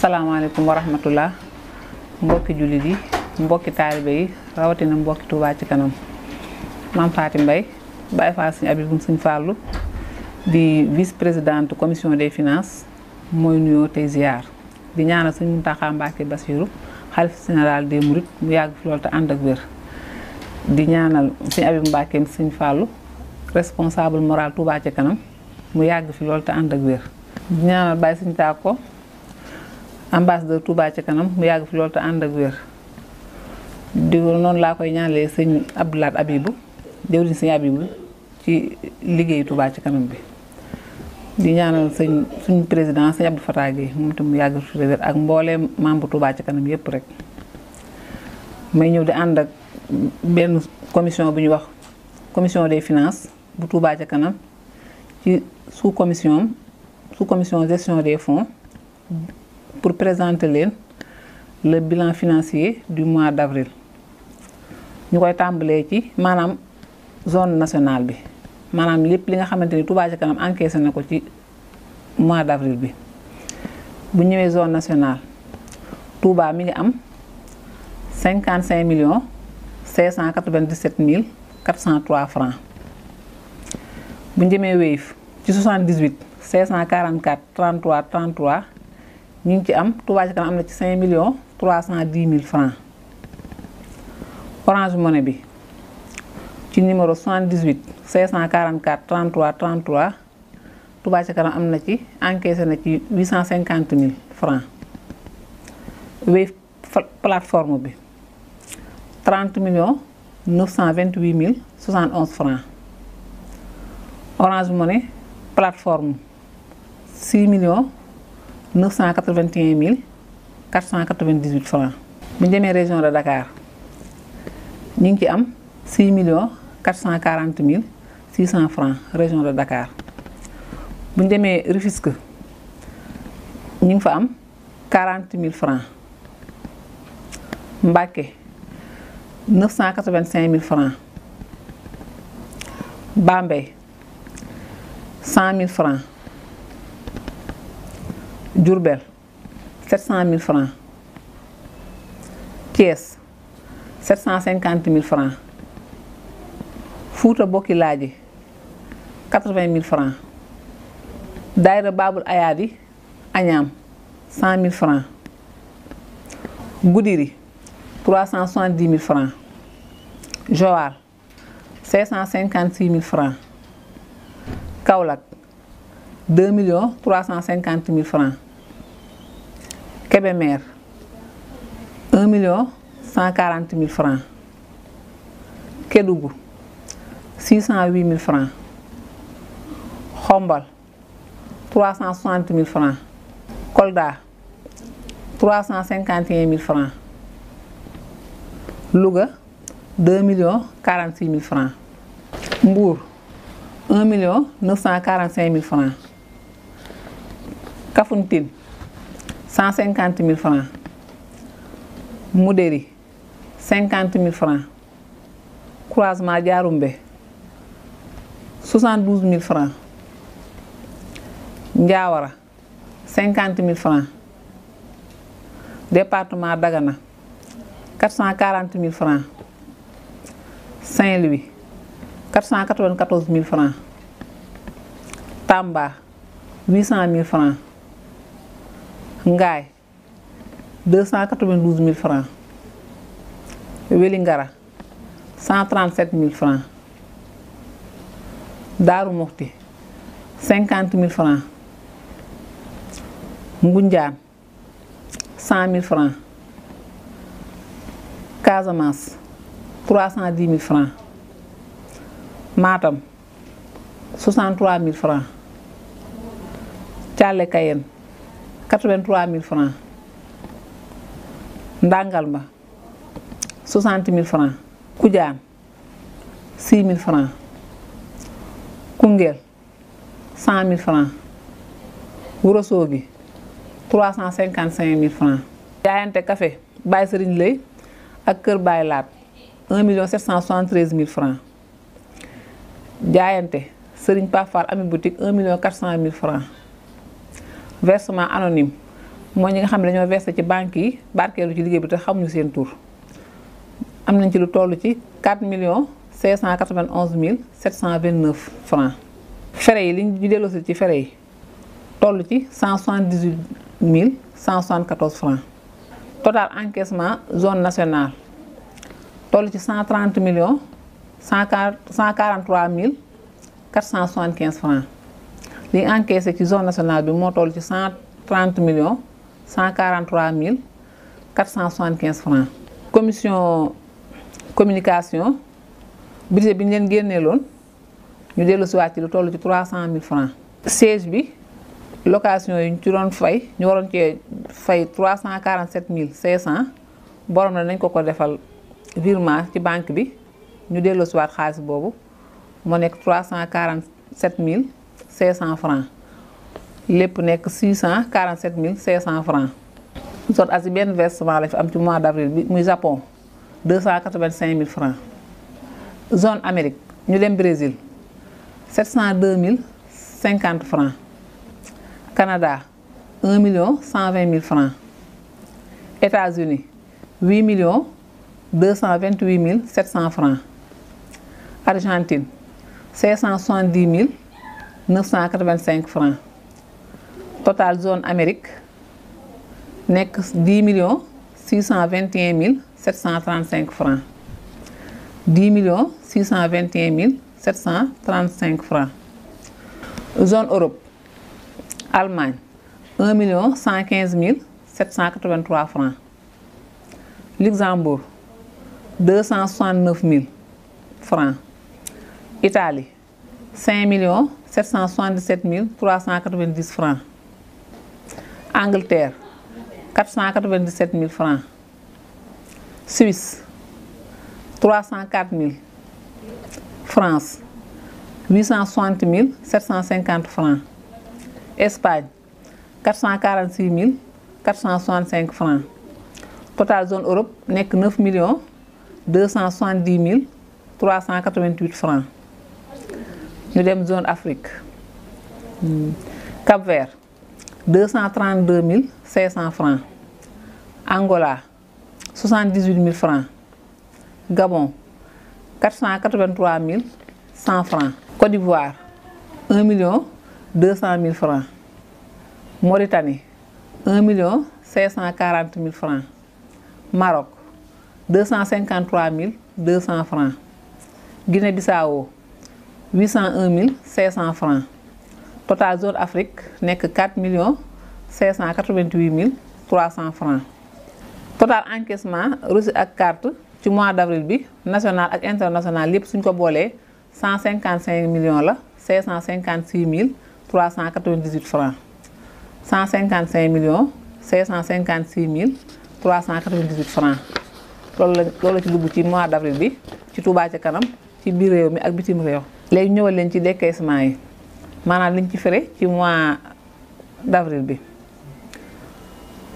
salaamaaleykum wa rahmatullah mbokki jullit yi mbokki taalibe yi rawatina mbokki Touba ci kanam maam mbay Mbaye Baye Fall Sëñ Abibou Sëñ Fallou di vice présidente commission des finances mooy nuyoo tey ziar di ñaanal Sëñ Mountakha Mbacké Bassirou xalif général des Mourides mu yàgg fi loolu te ànd ak wér di ñaanal Sëñ Abibou Mbacké Sëñ Fallou responsable kanam mu yàgg fi loolu ak wér di ambassadeur Touba ci kanam mu yàgg fi loolu te ànd ak wér di noonu laa koy ñaanalee sëñ Abdoulaat Abibu jëwriñ sëñ Abibu ci liggéeyu Touba ci kanam bi di ñaanal sëñ suñ président sëñ Abdou Fatah Gueye moom itam mu yàgg fi wér ak mbooleem membre Touba ci kanam yépp rek may ñëw di ànd ak benn commission bu ñu wax commission des finances bu Touba ca kanam ci su commission su commission gestion des fonds pour présenter leen le bilan financier du mois d'avril ñu koy tàmbalee ci maanaam zone nationale bi maanaam lépp li nga xamante ni Touba ca kanam encaissé na ko ci mois d'avril bi bu ñëwee zone nationale Touba mi ngi am cinquante cinq million six cent quatre-vingt-dix-sept mille quatre cent trois francs bu njëmee wéyif ci soixante-dix-huit six cent quarante-quatre trente-trois trente-trois ñu ngi ci am Touba Ca Kanam am na ci cinq millions trois cent dix mille francs Orange Money bi ci numéro 78 544 33 33 Touba Ca Kanam am na ci encaissé na ci huit cent cinquante mille francs Wave plateforme bi 30 millions neuf cent vingt huit mille soixante onze francs Orange Money plateforme six millions neuf cent quatre vingt et un mille quatre cent quatre vingt dix huit francs bu ñu demee région de Dakar ñu ngi ci am six million quatre cent quarante mille six cent francs région de Dakar bu ñu demee Rufisque ñu ngi fa am quarante mille francs Mbacké neuf cent quatre vingt cinq mille francs Bambey cent mille francs Diourbel sept cent mille francs Thiès sept cent cinquante mille francs Fuuta Bokki Laaji quatre vingt mille francs Daayira Baabul Ayaadi Añaam cent mille francs Goudiri trois cent soixante dix mille francs Joal cinq cent cinquante six mille francs Kaolack deux millions trois cent cinquante mille francs Kébémer million cent quarante mille francs Kédougou six cent huit mille francs Xombal trois cent soixante mille francs Kolda trois cent cinquante et un mille francs Louga deux millions quarante six mille francs Mbour un million neuf cent quarante cinq mille francs Kafountine cent cinquante mille francs Moudéry cinquante mille francs croisement Diaroumbe soixante douze mille francs Ndiawara cinquante mille francs département Dagana quatre cent quarante mille francs Saint-Louis cent quatre quatorze mille francs Tamba huit cent mille francs ngaay deux cent quatre-vingt-douze mille francs Welingara cent trente-sept mille francs Daaru Muxti cinquante mil francs Ngunjaan cent mille francs Casamance trois cent dix mille francs Matam soixante-trois mille francs Caale Kayen quatre-vingt-trois mille francs ndàngal ba soixante mille francs kujaan six mille francs Koungheul cent mille francs Wurosoo gi trois cent cinquante cinq mille francs jaayante café Baye Serigne Lay ak Kër Baye Laat un million sept cent soixante-treize mille francs jaayante Serigne Pafar ami boutique un million quatre cent mille francs versement anonyme mooy ñi nga xam ne dañoo versé ci banque yi barkeelu ci liggéey bi te xamuñu seen tur am nañ ci lu toll ci million cent 4 millions 591 mille 729 francs fere yi li ñu delloosi ci fere yi toll ci cent 178 mille cent 174 francs total encaissement zone nationale toll ci cent million 130 millions 143 mille 475 francs li encaissé ci zone nationale bi moo tollu ci cent trente million cent quarante trois mille quatre cent cent quinze francs. commission communication budget bi ñu leen génneeloon ñu dellu si waat ci lu toll ci trois cent mille francs. siège bi location yi ñu ci doon fay ñu waroon cee fay trois cent quarante sept mille cinq cent borom na nañ ko ko defal virement ci banque bi ñu dellu si waat xaalis boobu moo nekk trois cent quarante sept mille. 500 francs lépp nekk 647 mille 500 francs zot asi benn versement la am ci mois d' avril bi muy Japon 285 mille francs zone Amérique ñu dem Brésil 702 mille 50 francs Canada 1 million 120 mille francs États-Unis 8 millions 228 mille 700 francs Argentine 570 mille 985 francs total zone Amérique nekk 10 millions 621 mille 735 francs 10 millions 621 mille 735 francs zone Europe Allemagne 1 million 115 mille 783 francs Luxembourg 269 mille francs Italie cinq millions sept cent soixante-dix-sept trois cent quatre-vingt-dix francs Angleterre quatre cent quatre vingt dix mille francs Suisse trois quatre mille France huit cent soixante mille sept cent cinquante francs Espagne quatre cent quarante-six mille quatre cent soixante-cinq total zone Europe nekk neuf millions deux cent soixante-dix mille trois cent quatre-vingt-huit francs ñu dem zone Afrique hmm. Cap Vert deux cent trente deux mille cinq cent francs Angola soixante dix mille francs Gabon quatre cent quatre vingt trois mille cent francs Côte d'Ivoire million deux cent mille francs Mauritanie million cinq cent quarante mil francs Maroc deux cent cinquante trois mille deux cent francs Guinée-Bissau cent un 801 mille cent francs total zone Afrique nekk 4 millions 588 mille cent francs total encaissement reçu ak carte ci mois d'avril bi national ak international lépp suñ ko boolee 155 millions la 556 mille 398 francs 155 millions 556 mille 398 francs loolu la loolu la ci dugg ci mois d'avril bi ci Touba ci kanam ci biir réew mi ak bitim réew léegi ñëwal leen ci décaissement yi maanaam lañ ci fere ci mois d' bi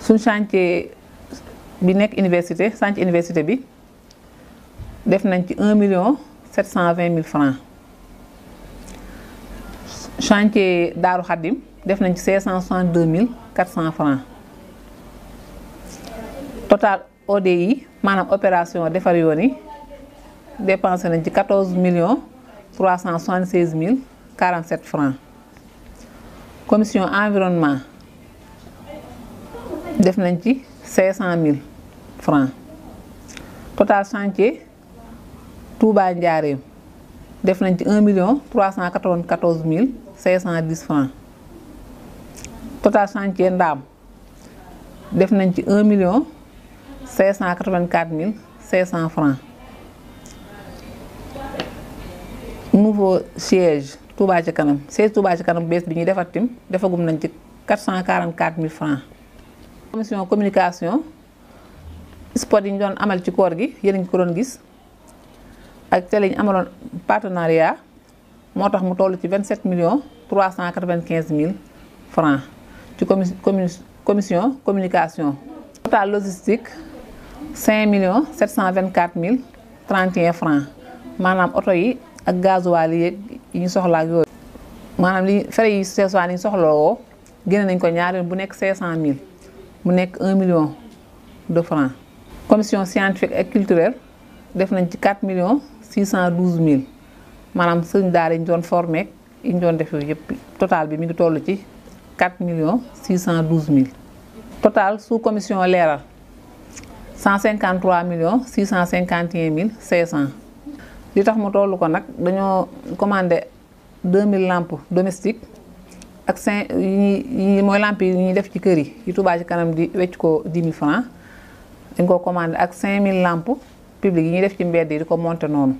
suñ chantier bi nekk université chantier université bi def nañ ci un million sept cent vingt mille francs chantier Daaru Xaddim def nañ ci cinq cent soixante deux mille quatre cent francs total ODI maanaam opération defar yoon yi dépensé nañ ci quatorze millions trois cent soixante seize mille quarante sept francs commission environnement def nañ ci cinq cent mille francs total chantier Touba Njaareem def nañ ci un million trois cent quatre-vingt-quatorze mille cinq cent dix francs total chantier Ndaam def nañ ci un million cinq cent quatre-vingt-quatre mille cinq cent francs nouveau siège Touba ci kanam siège Touba ci kanam bees bi ñuy defar tim defagum nañ ci quatre cent quarante quatre mille francs. commission communication spot yi ñu doon amal ci koor gi yéen ñu ko doon gis ak ca lañ amaloon partenariat moo tax mu toll ci vingt sept millions trois cent quatre vingt quinze mille francs ci comi commission communication. total logistique cinq millions sept cent vingt quatre mille trente et un francs maanaam oto yi. ak gasoil yi ñu soxla yooyu. maanaam li frais yi seesuwaan yi soxlawoo génne nañ ko ñaareel bu nekk cinq cent mille mu nekk un million de francs commission scientifique et culturelle def nañ ci quatre millions six cent douze mille maanaam sëñ daal doon formé yi ñu doon def yëpp total bi mi ngi toll ci quatre millions six cent douze mille. total sous commission leeral cent cinquante trois millions six cent cinquante et un mille cinq cent. li tax mu tollu ko nag dañoo commandé mille lampes domestiques ak cinq yi mooy lampes yi ñuy def ci kër yi yu Touba ci kanam di wecc ko 10 000 dañ ko commandé ak 5000 lampes publiques yi ñuy def ci mbedd yi di ko monté noonu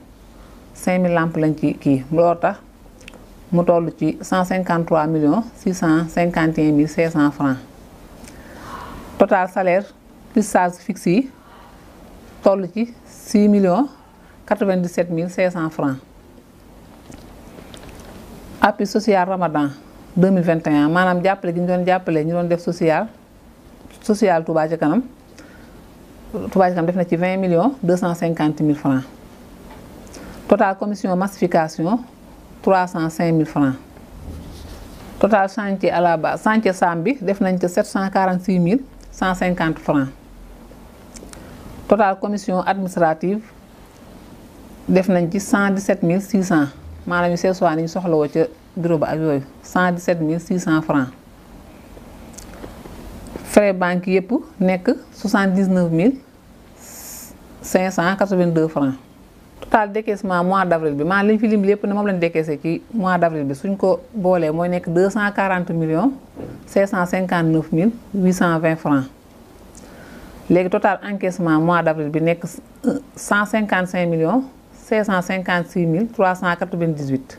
cinq mille lampes lañ ci kii loolu tax mu toll ci 153 millions 651 mille 500 francs total salaire plus charges fixes toll ci 6 millions. quatre-vingt-dix-sept mille cinq cent francs appui social Ramadan deux vingt et maanaam jàppale gi ñu doon jàppale ñu doon def social social Touba kanam Touba ci kanam def na ci vingt million deux cent cinquante mille francs total commission massification trois cent cinq mille francs total chantier à la base chantier bi def nañ ci cent quarante six mille cent cinquante francs total commission administrative. def nañ ci cent dix sept mille six cent maanaam yu seet soit ni ñu soxlawoo ca bureau ba ak yooyu cent dix sept mille six cent francs frais banque yëpp nekk soixante dix neuf mil cinq cent quatre vingt deux francs total décaissement mois d' avril bi maanaam lañ ñu fi lim lépp ne moom lañ décaissé ci mois d' avril bi suñ ko boolee mooy nekk deux cent quarante million cinq cent cinquante neuf mille huit cent vingt francs léegi total encaissement mois d' avril bi nekk cent cinquante cinq millions 556 mille 398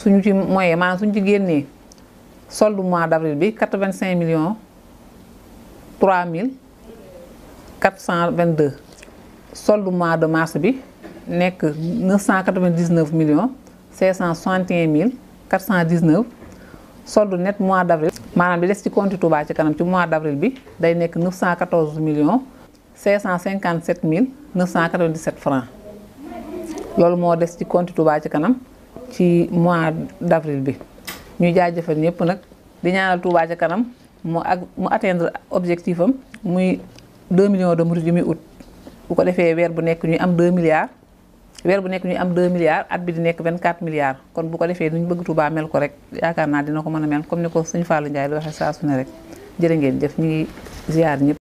suñu ci moyen maanaam suñu ci génnee soldu mois d' avril bi 85 millions 3 mille 422 soldu mois de mars bi nekk 999 millions 561 mille 419 soldu net mois d' avril maanaam li des ci compte Touba ci kanam ci mois d' avril bi day nekk 914 millions 557 mille 997 francs loolu moo des ci compte Touba ci kanam ci mois d' avril bi ñuy jëfal ñëpp nag di ñaanal Touba ci kanam mu ak mu atteindre objectif am muy 2 millions de murid yu muy ut bu ko defee weer bu nekk ñuy am 2 milliards weer bu nekk ñuy am 2 milliards at bi di nekk 24 milliards kon bu ko defee nuñ bëgg Touba mel ko rek yaakaar naa dina ko mën a mel comme ni ko suñu Fallou Ndiaye di waxee saa ne rek jërë ngeen jëf ñu ngi ziar